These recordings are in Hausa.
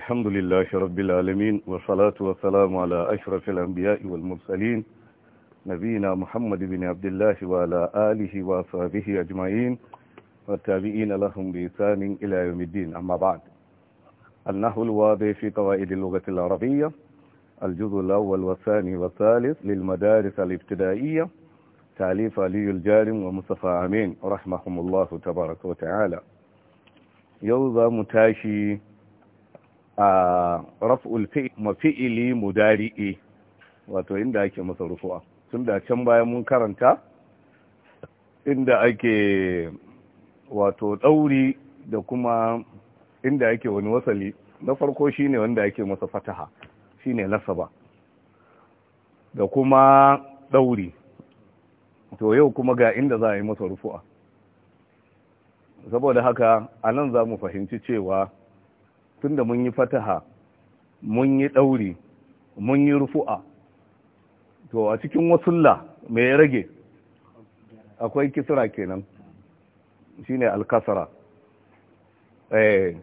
الحمد لله رب العالمين والصلاة والسلام على أشرف الأنبياء والمرسلين نبينا محمد بن عبد الله وعلى آله وصحبه أجمعين والتابعين لهم بإحسان إلى يوم الدين أما بعد النحو الواضح في قواعد اللغة العربية الجزء الأول والثاني والثالث للمدارس الابتدائية تعليف علي الجارم ومصطفى أمين رحمهم الله تبارك وتعالى يوضا متاشي raf'ul mafi'ili mudari'i wato inda ake masa rufu'a tun can bayan mun karanta inda ake wato ɗauri da kuma inda ake wani wasali na farko shine wanda ake masa fataha shine nasaba da kuma ɗauri to yau kuma ga inda za a yi masa rufu'a saboda haka a nan za mu fahimci cewa tun da mun yi fataha mun yi ɗauri mun yi rufu'a to a cikin wasulla mai ya rage akwai kisra kenan shine alkasara eh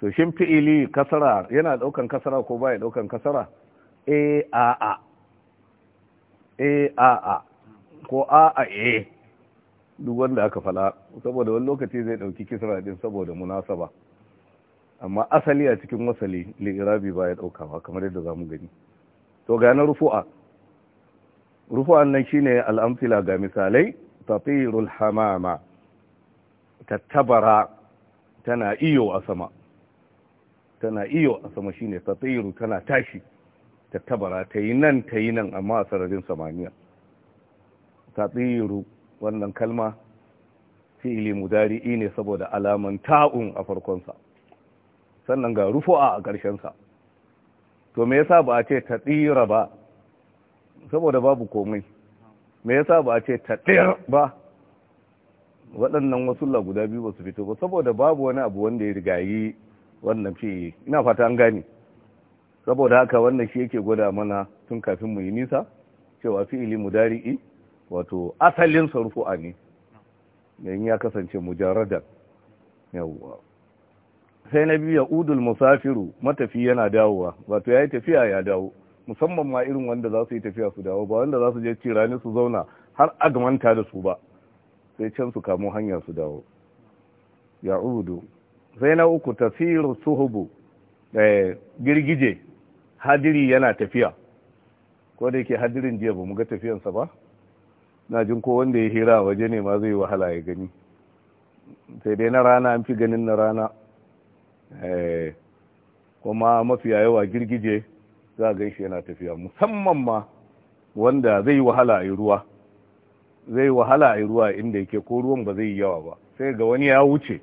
to shin fi'ili kasara yana daukan kasara ko baya daukan kasara eh a a eh a a ko a a a duk wanda aka fala saboda wani lokaci zai dauki kisra din saboda munasaba amma asali a cikin wasali lirabi ba ya ɗaukawa kamar yadda za mu gani to ga na rufu'a rufu'an nan shine al'amfila ga misalai tafirul hamama tattabara tana iyo a sama tana iyo a sama shine tafiru tana tashi tattabara ta yi nan ta yi nan amma a sararin samaniya tafiru wannan kalma fi'ili dari'i ne saboda alaman ta'un a farkonsa sannan ga rufo a ƙarshensa to me yasa ba a ce taɗira ba saboda babu komai me yasa ba a ce taɗir ba waɗannan wasu guda biyu ba su fito ba saboda babu wani abu wanda ya yi wannan fi ina fata an gane saboda haka wannan shi yake gwada mana tun kafin mu yi nisa cewa fi'ili mudari'i wato asalin sarfu'a ne yayin ya kasance mujarradan yawwa sai na biya udul musafiru matafi yana dawowa wato ya yi tafiya ya dawo musamman ma irin wanda za su yi tafiya su dawo ba wanda za su je cirani su zauna har agamanta da su ba sai can su kamo hanya su dawo ya udu sai na uku tasiru suhubu eh, girgije hadiri yana tafiya ko da yake hadirin jiya ba mu ga tafiyansa ba na jin ko wanda ya hira waje ne ma zai wahala ya gani sai dai na rana an fi ganin na rana Eh, kuma mafiya yawa girgije za a shi yana tafiya musamman ma wanda zai wahala a ruwa zai wahala a ruwa inda yake ko ruwan ba zai yi yawa ba sai ga wani ya wuce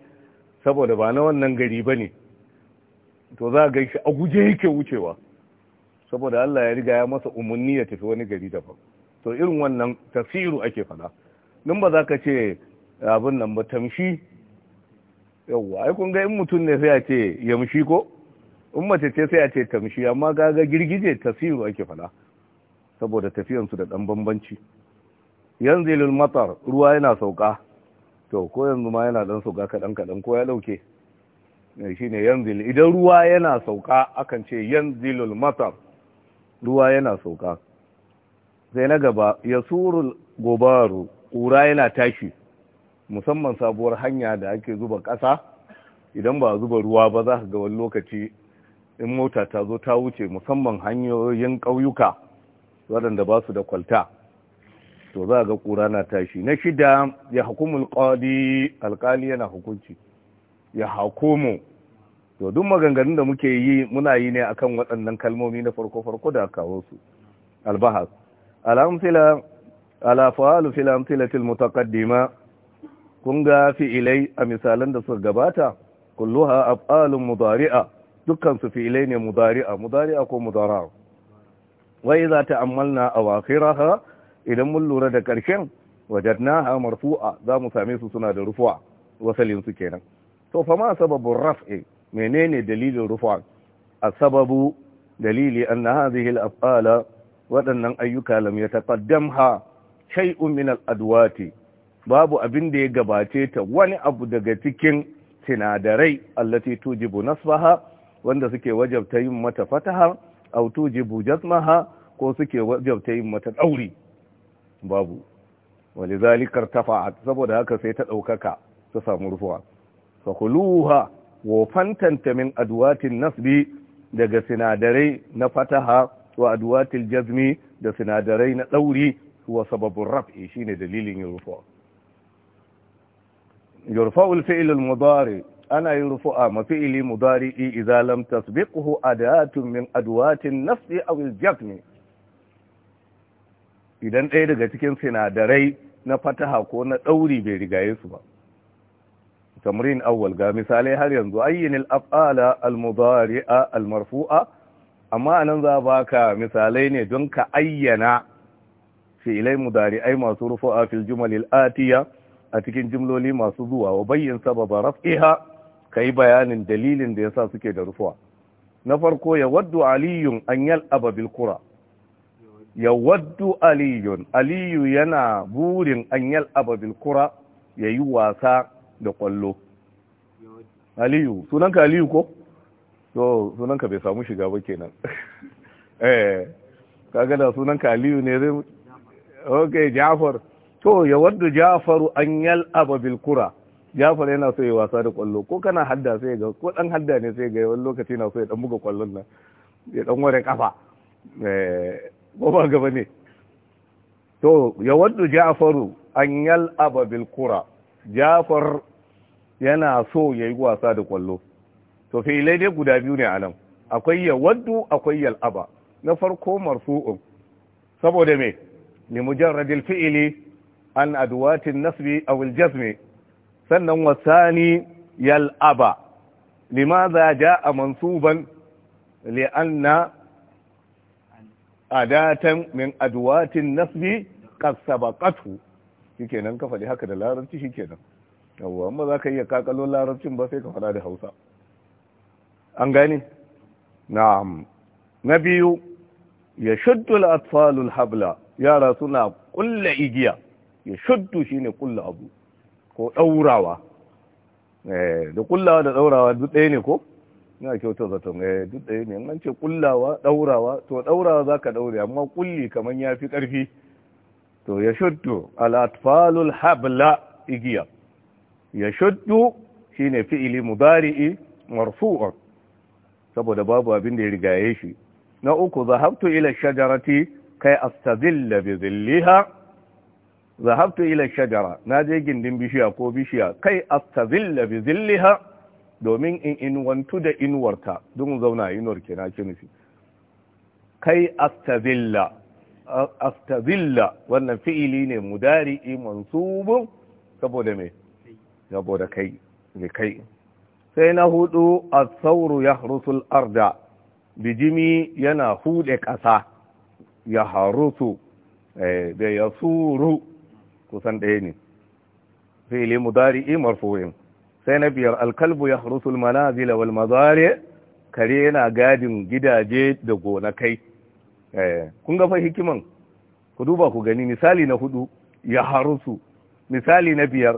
saboda ba na wannan gari ba ne to za a gan shi a guje yake wucewa saboda Allah ya riga ya masa umarni ya tafi wani gari daban to irin wannan tafiru ake fada nan ba za ka ce abin nan ba tamshi yawwa ai kun ga in mutum ne sai a ce yamshi ko in mace ce sai a ce tamshi amma gaga girgije tasiru ake fala saboda tafiyan su da dan bambanci yanzilul matar ruwa yana sauka to ko yanzu ma yana dan sauka kadan kadan ko ya dauke eh, shine yanzil idan ruwa yana sauka akan ce yanzilul matar ruwa yana sauka sai na gaba yasurul gobaru ƙura yana tashi musamman sabuwar hanya da ake zuba ƙasa idan ba a zuba ruwa ba za ga wani lokaci in mota ta zo ta wuce musamman hanyoyin ƙauyuka waɗanda ba su da kwalta to za ga ƙura na tashi na shida ya hukumu alƙali alƙali yana hukunci ya hukumu to duk maganganun da muke yi muna yi ne akan waɗannan kalmomi na farko-farko da kawo su albahas al'amfila ala fa'alu fil amtilatil mutaqaddima kun ga fi'ilai a misalan da suka gabata kulluha af'alun mudari'a dukansu fi'ilai ne mudari'a mudari'a ko mudara wa a ta'ammalna ha idan mun lura da na wajadnaha marfu'a za mu same su suna da rufu'a wasalin su kenan to fa ma sababur raf'i menene dalilin rufu'a sababu dalili anna hadhihi al-af'ala waɗannan ayyuka lam ha shay'un min al-adwati babu abin da ya gabace ta wani abu daga cikin sinadarai allati tujibu nasbaha wanda suke wajabta yin mata fataha aw tujibu jazmaha ko suke wajabta yin mata dauri babu walizalika irtafa'at saboda haka sai ta daukaka ta samu rufuwa fa khuluha wa fantanta min adwatin nasbi daga sinadarai na fataha wa adwatil jazmi da sinadarai na dauri huwa sababun raf'i shine dalilin yin rufuwa يرفع الفعل المضارع ana yin rufu'a ma fi'li mudari'i idza lam tasbiquhu adatun min adwatin nafsi idan ɗaya daga cikin sinadarai na fataha ko na ɗauri bai rigaye su ba tamrin awwal ga misalai har yanzu ayyin al-af'ala al-mudari'a al-marfu'a amma nan za baka misalai ne don ka ayyana fi'ilai mudari'ai masu rufu'a fil jumal al-atiya a cikin jimloli masu zuwa wa bayyan sababa raf'iha kai bayanin dalilin da yasa suke da rufuwa na farko ya waddu aliyun an yal ababil qura ya waddu aliyun aliyu yana burin an yal'aba bil qura yayi wasa da kwallo aliyu sunanka aliyu ko to sunanka bai samu shiga ba kenan eh kaga da sunanka aliyu ne zai okay jafar to ya waddu jafaru an yal'aba bil kura jafar yana so ya wasa da kwallo ko kana hadda sai ga ko dan hadda ne sai ga wani lokaci na so ya dan buga kwallon nan ya dan ware kafa eh ko ba gaba ne to ya waddu jafaru an yal'aba bil kura jafar yana so ya yi wasa da kwallo to filai dai guda biyu ne a nan akwai ya waddu akwai yal'aba na farko marfu'un saboda me ni mujarradil fi'ili an aduwatin nasbi aw aljazmi sannan wasani yal'aba limadha jaa mansuban li'anna adatan min aduwatin nasbi qad sabaqathu shikenan ka faɗi haka da larabci shikenan yawwa amma za ka iya kakalo larabcin ba sai ka faɗa da hausa an gane na'am na biyu ya shuddu al-atfalul habla yara suna kulla igiya ya shuddu ne kulla abu ko daurawa eh, da kullawa da daurawa duk ɗaya ne ko ina kyautar zato eh duk ɗaya ne an ce kullawa daurawa to daurawa zaka daure amma kulli kaman fi ƙarfi, to ya shuddu al atfalul habla igiya ya shuddu shine fi'ili mubari'i marfu'un saboda babu abin da ya rigaye shi na uku zahabtu ila shajarati kai astadilla bi zilliha zahabtu ila shajara na je gindin bishiya ko bishiya kai astazilla bi zilliha domin in inwantu da inuwarta don zauna inuwar kina ki kai astazilla astazilla wannan fi'ili ne mudari'i mansubun saboda me saboda kai ne kai sai na hudu as-sawru yahrusul arda bijimi yana hude kasa ya harusu da yasuru kusan ɗaya ne fi'ili mudari'i marfu'in sai na biyar alkalbu ya harusul manazila wal mazari kare yana gadin gidaje da gonakai eh, kun ga fa hikiman ku duba ku gani misali na hudu ya harusu misali na biyar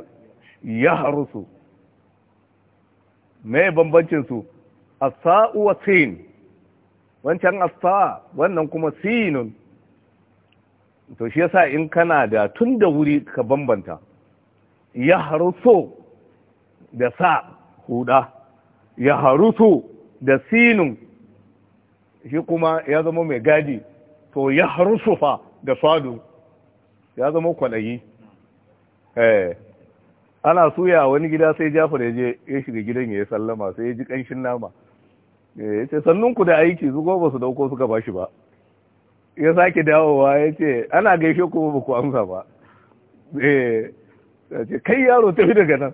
ya harusu me bambancin su asa'u wa sin wancan asa wannan kuma sinun to shi yasa in kana da tun da wuri ka bambanta ya haruso da sa huda ya haruso da sinin shi kuma ya zama mai gadi to ya haruso fa da sadu ya zama kwalayi eh, ana suya wani gida sai jafar ya je ya shiga gidan ya sallama sai ya ji kanshin nama eh, ya ce sannunku da aiki su ba su dauko suka bashi ba ya sake dawowa ya ce ana gaishe ko ba ku amsa ba eh ce kai yaro tafi daga nan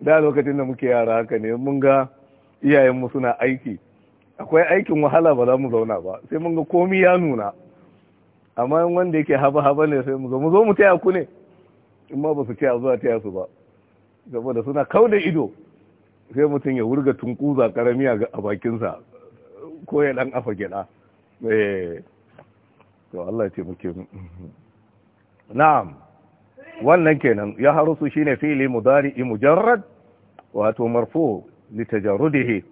da lokacin da muke yara haka ne mun ga iyayenmu suna aiki akwai aikin wahala ba za mu zauna ba sai mun ga komi ya nuna amma wanda yake haba haba ne sai mu zo mu zo mu taya ku ne in ma ba su taya zuwa taya su ba saboda suna kau da ido sai mutum ya wurga tunkuza karami a bakinsa ko ya dan afa gyaɗa Eh. to Allah ce muke na'am wannan kenan ya harusu shine fi'li mudari mujarrad wato marfu li tajarrudihi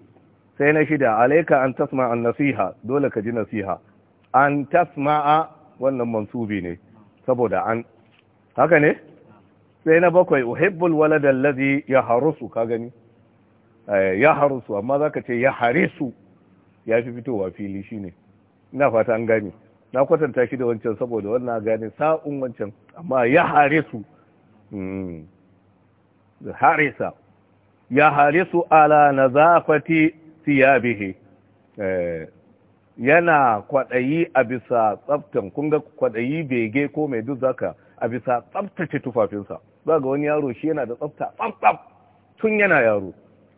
sai na shida alayka an tasma an nasiha dole ka ji nasiha an tasma'a wannan mansubi ne saboda an haka ne sai na bakwai uhibbul walad allazi ya harusu ka gani eh, ya harusu amma zaka ce ya harisu ya fi fitowa fili shine ina fata an gani. na kwatanta shi da wancan saboda wannan gani sa'un wancan amma ya hare su hmm. harisa ya hare su ala siyabihi eh, yana kwaɗayi a bisa tsaftan kun ga kwaɗayi bege ko mai duk zaka a bisa tsaftace tufafinsa za ga wani yaro shi yana da tsafta tsaf tun yana yaro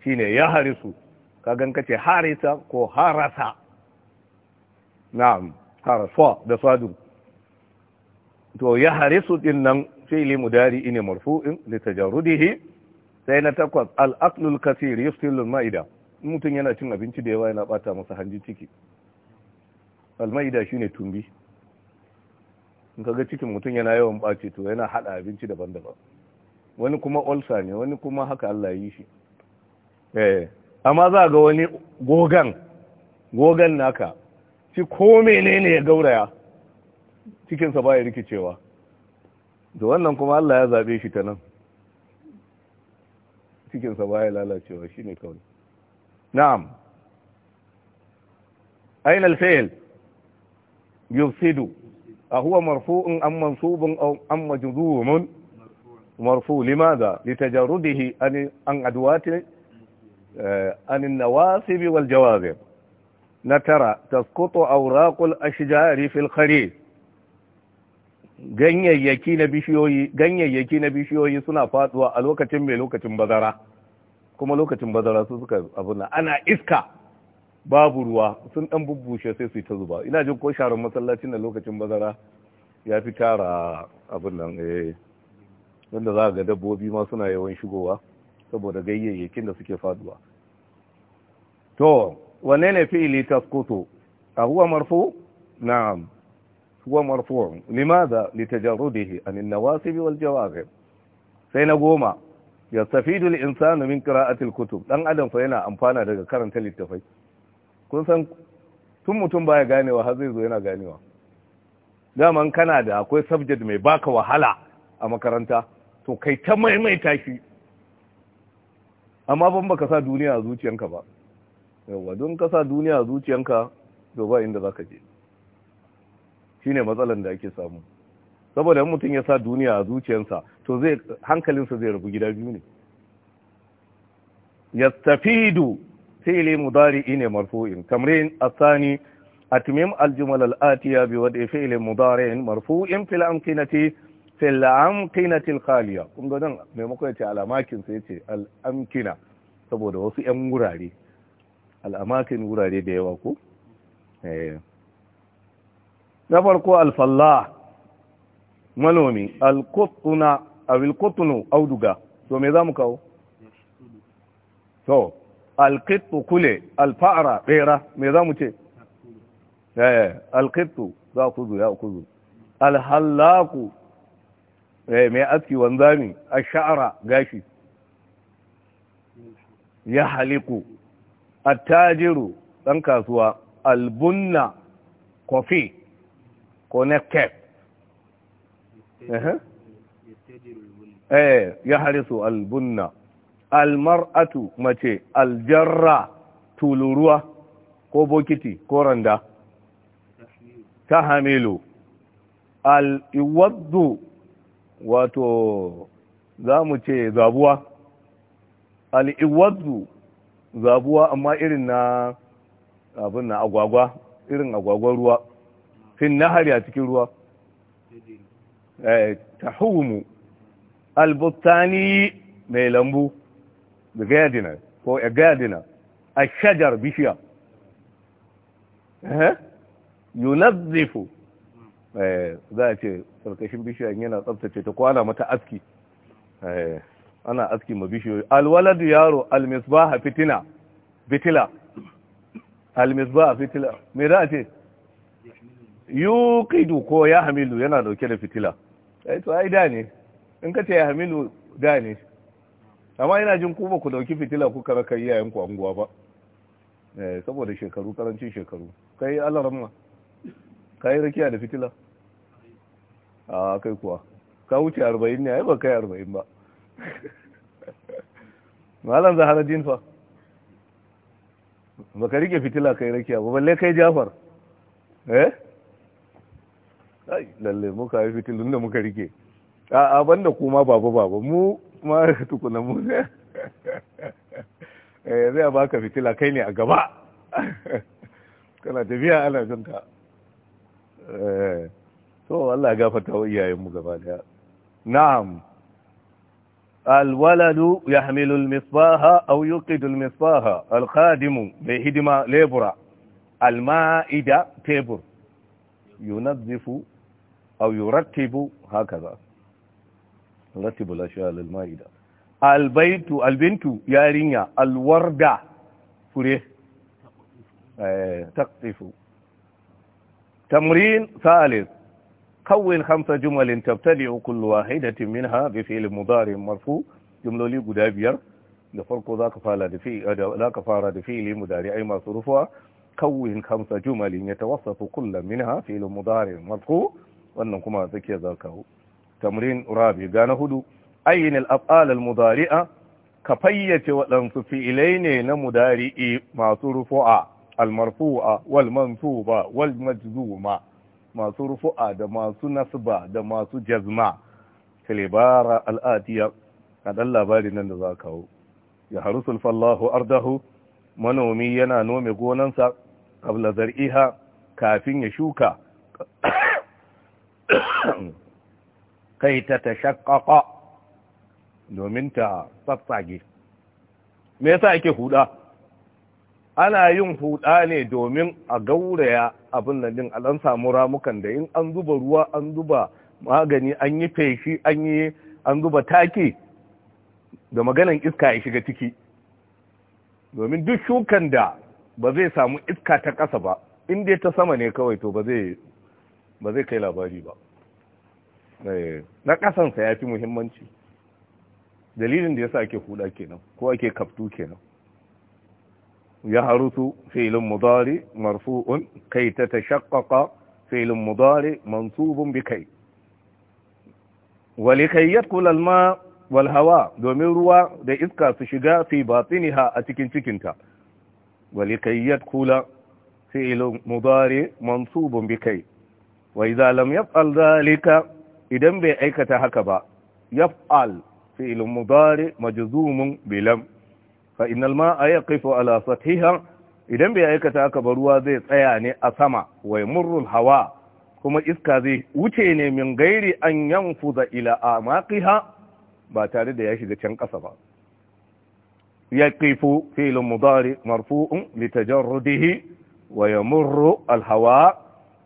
shine ya ka gan kace harisa ko harasa na'am harfa da sadu to ya harisu din nan fi'li mudari ne marfu'in li tajarrudihi sai na takwas al-aqlu al-kathir yuftilu mutum yana cin abinci da yawa yana bata masa hanji ciki al shine tumbi in kaga cikin mutum yana yawan bace to yana hada abinci daban-daban wani kuma ulsa ne wani kuma haka Allah yi shi eh amma za ga wani gogan gogan naka shi ko menene ya gauraya cikinsa ba ya rikicewa da wannan kuma Allah ya zaɓe shi ta nan cikinsa ba ya lalacewa shi ne kawai na'am ainihin alfa'il yufsidu a huwa marfu'un an mansubun an majuzumun marfu limaza litajarrudihi an adwati eh, an nawasibi wal jawazib na tara taskuto auraqul ashjari fil a ganyayyaki na bishiyoyi ganyayyaki na bishiyoyi suna faduwa a lokacin mai lokacin bazara kuma lokacin bazara su suka abuna ana iska babu ruwa sun dan bubbushe sai su ta zuba ina jin ko sharon masallacin na lokacin bazara ya fi tara abin nan wanda za ga dabbobi ma suna yawan shigowa saboda ganyayyakin da suke faduwa to wanne ne fi'ili tasqutu a huwa marfu na'am huwa marfu limadha litajarrudihi an an-nawasib wal jawarih sai na goma yastafidu al-insanu min qira'ati al-kutub dan adam fa yana amfana daga karanta littafai kun san tun mutum baya ganewa har zai zo yana ganewa daman kana da akwai subject mai baka wahala a makaranta to kai ta maimaita shi amma ban baka sa duniya a zuciyanka ba yawa don kasa duniya zuciyanka to ba inda zaka je shine matsalan da ake samu saboda in mutum ya sa duniya a zuciyansa to zai hankalinsa zai rabu gida biyu ne yastafidu fi'li mudari'i ne marfu'in tamrin asani atmim aljumal al'atiya bi wadi fi'li mudari'in marfu'in fil amkinati fil amkinati khaliya kun ga nan maimakon ya ce alamakin sai ya ce saboda wasu yan wurare al'amakin wurare da yawa ko eh. na farko alfalla manomi alkotuna awilkotunu auduga to me za mu kawo to alkitu kule alfa'ara bera me za mu ce eh, alkitu za ku zu ya ku alhallaku eh, mai aski wanzami a sha'ara gashi ya haliku attajiru ɗan kasuwa albunna kofi ko eh, ya harisu albunna almar'atu mace aljarra tuluruwa ko bokiti ko randa ta hamilu al'iwaddu wato za mu ce zabuwa al'iwaddu zabuwa amma irin na abin na agwagwa irin agwagwan ruwa fin nahari a cikin ruwa eh, tahumu albutani mai lambu da gadina ko a gadina a shajar bishiya eh, yunazzifu eh, za a ce karkashin bishiya yana tsabtace ta kwana mata aski ana aski ma bishiyoyi alwaladu yaro almisbaha fitina fitila almisbaha fitila me za a ce yuqidu ko ya hamilu yana dauke da fitila eh to ai da ne in ka ce ya hamilu da ne amma ina jin ku ba ku dauki fitila kuka kai yayin ku anguwa ba eh saboda shekaru karancin shekaru kai Allah rahma kai rakiya da fitila a ah, kai kuwa ka wuce 40 ne ai ba kai 40 ba malam zaharadin fa ka rike fitila kai rakiya ba balle kai jafar eh ai lalle muka yi fitilun da muka rike a a banda kuma babu babu mu ma tukuna mu eh zai baka fitila kai ne a gaba kana tafiya ana jin ka eh to Allah ya gafarta wa iyayen mu gaba daya na'am الولد يحمل المصباح أو يوقد المصباح الخادم بهدمة ليبرا المائدة تيبر ينظف أو يرتب هكذا رتب الأشياء للمائدة البيت البنت يا رينيا الوردة فره آه، تقطف تمرين ثالث kawwil hamsa jumalin tabtadi'u wa haidatin minha bi fi'lin mudari marfu jumloli guda biyar da farko zaka fara da fi'li zaka fara da fi'li mudari ai masu rufuwa kawwil hamsa jumalin yatawassafu kullu minha fi'lin mudari marfu wannan kuma sake zakawo tamrin rabi gana hudu ayyin al-af'al al-mudari'a ka fayyace waɗansu fi'ilai ne na mudari'i masu rufu'a al-marfu'a wal mansuba wal majzuma masu rufu'a da masu nasba da masu jazma kalibara al'atiya a ɗan labari nan da za kawo ya haru sulfallahu ardahu manomi yana nome gonansa kabla zar'iha kafin ya shuka kai ta shakaka domin ta tsatsage me yasa ake huda ana yin huɗa ne domin a gauraya abin nan din an samu ramukan da in an zuba ruwa an zuba magani an yi feshi an yi an zuba taki da maganan iska ya shiga ciki domin duk shukan da ba zai samu iska ta ƙasa ba in ta sama ne kawai to ba zai kai labari ba eh, na ƙasansa ya fi muhimmanci dalilin da ya sa ake huɗa kenan ko ake kaftu kenan يحرث فعل مضارع مرفوع كي تتشقق فعل مضارع منصوب بكي ولكي يدخل الماء والهواء دومين روا da iska في باطنها fi batiniha ولكي يدخل فعل مضارع منصوب بكي وإذا لم يفعل ذلك اذا بأيكة aikata يفعل ba yaf'al مجزوم بلم fa innal ma'a yaqifu ala sathiha idan bai aikata haka ba ruwa zai tsaya ne a sama wai murrul hawa kuma iska zai wuce ne min gairi an yanfuza ila amaqiha ba tare da ya shiga can kasa ba yaqifu fi'l mudari marfu'un litajarrudihi wa yamurru al hawa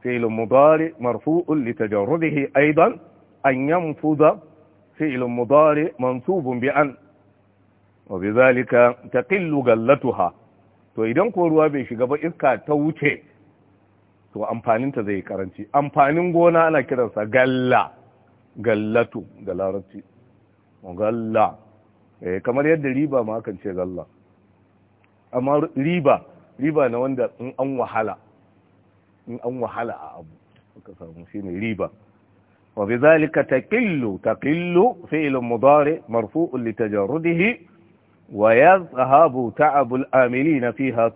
fi'l mudari marfu'un litajarrudihi aidan an yanfuza fi'l mudari mansubun bi an wa bi zalika taqillu gallatuha to idan ko ruwa bai shiga ba iska ta wuce to amfanin ta zai karanci amfanin gona ana kiransa galla gallatu da larabci galla eh kamar yadda riba ma akan ce galla amma riba riba na wanda in an wahala in an wahala a abu suka samu shine riba وبذلك taqillu تقل فعل مضارع مرفوع لتجرده wa ya zahabu ta'abul amili na fiha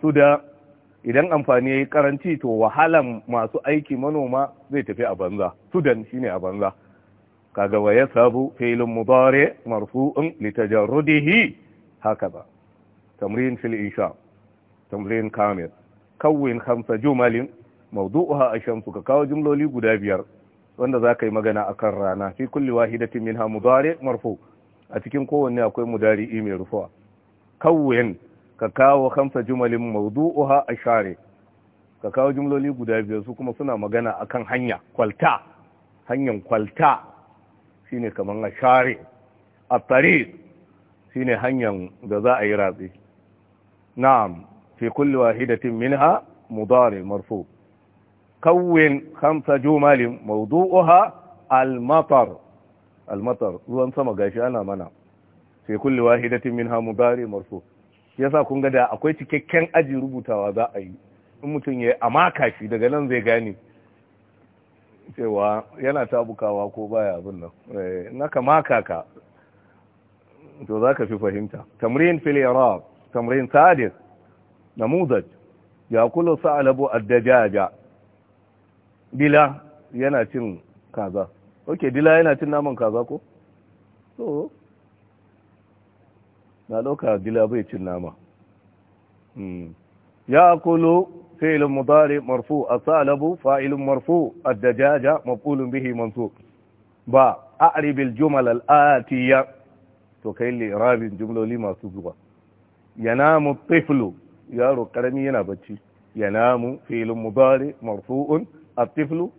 idan amfani ya yi karanci to wahalan masu aiki manoma zai tafi a banza sudan shine a banza kaga wa ya sabu filin mubare marfu'in litajarrudihi haka ba tamrin fil insha tamrin kamil kawin khamsa jumalin mawdu'uha ashan ka kawo jumloli guda biyar wanda za ka yi magana a kan rana fi kulli wahidatin minha mudari marfu a cikin kowanne akwai mudari mai rufuwa kawwin ka kawo kamsa jumalin mawdu'uha share. ka kawo jumloli guda biyar su kuma suna magana akan hanya kwalta hanyar kwalta shine kaman share. a tariq shine hanyar da za a yi ratsi na'am fi kulli wahidatin minha mudari marfu kawwin kamsa jumalin mawdu'uha al-matar al-matar ruwan sama gashi ana mana sai kulli wahidatin minha mudari marfu yasa kun ga da akwai cikakken aji rubutawa za a yi in mutum ya amma shi daga nan zai gane cewa yana tabukawa ko baya abin nan eh, naka maka ka to za ka fi fahimta tamrin fil iraq tamrin sadis namuzaj ya kullu sa'alabu ad-dajaja bila yana cin kaza okay dila yana cin naman kaza ko so na ɗauka abdila bai cin nama hmm. ya akulu fi'ilun mudari marfu salabu fa'ilun marfu addajaja maf'ulun bihi mansub ba a'ribil jumal al'atiya to kai rabin jumloli masu zuwa yanamu tiflu yaro karami yana bacci yanamu fi'ilun mudari marfu'un at-tiflu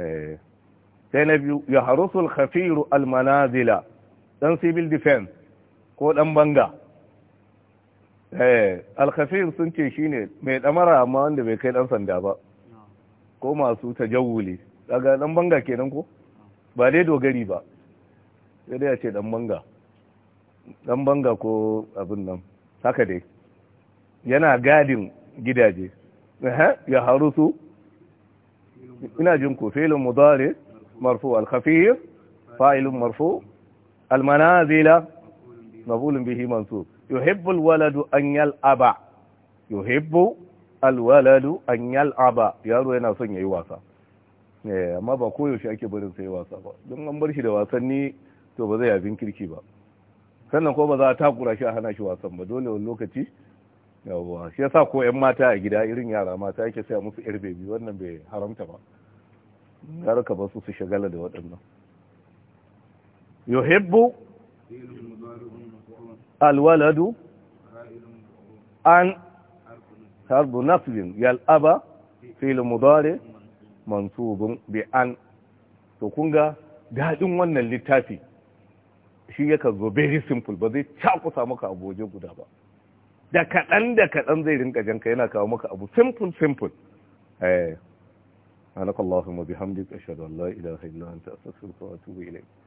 eh. sai na biyu ya harusul khafiru al-manazila dan civil defense ko ɗan banga eh, alkhafir sun ce shi ne mai ɗamara amma wanda bai kai ɗan sanda ba ko masu ta jawuli daga ɗan banga kenan ko ba dai dogari ba sai dai a ce ɗan banga ɗan banga ko abin nan haka dai yana gadin gidaje ya haru su ina jin ku filin mudare marfu alkhafir fa'ilun marfu almanazila mafulun bihi mansub yuhibbul waladu an yal'aba yuhibbu alwaladu an yal'aba yaro yana son yayi wasa eh amma ba koyaushe ake barin sai wasa ba don an bar shi da wasanni to ba zai abin kirki ba sannan ko ba za a takura shi a hana shi wasan ba dole wani lokaci yawwa shi yasa ko yan mata a gida irin yara mata yake sai musu yar bebi wannan bai haramta ba kar ka su su shagala da waɗannan yuhibbu الولد عن حرب نصب يلأبى فعل مضارع منصوب بأن to kun ga daɗin wannan littafi shi yaka zo very simple ba zai cakusa maka abu waje guda ba da kaɗan da kaɗan zai rinka janka yana kawo maka abu simple simple eh anaka Allahumma bihamdika ashhadu an la ilaha illa anta astaghfiruka wa atubu ilayk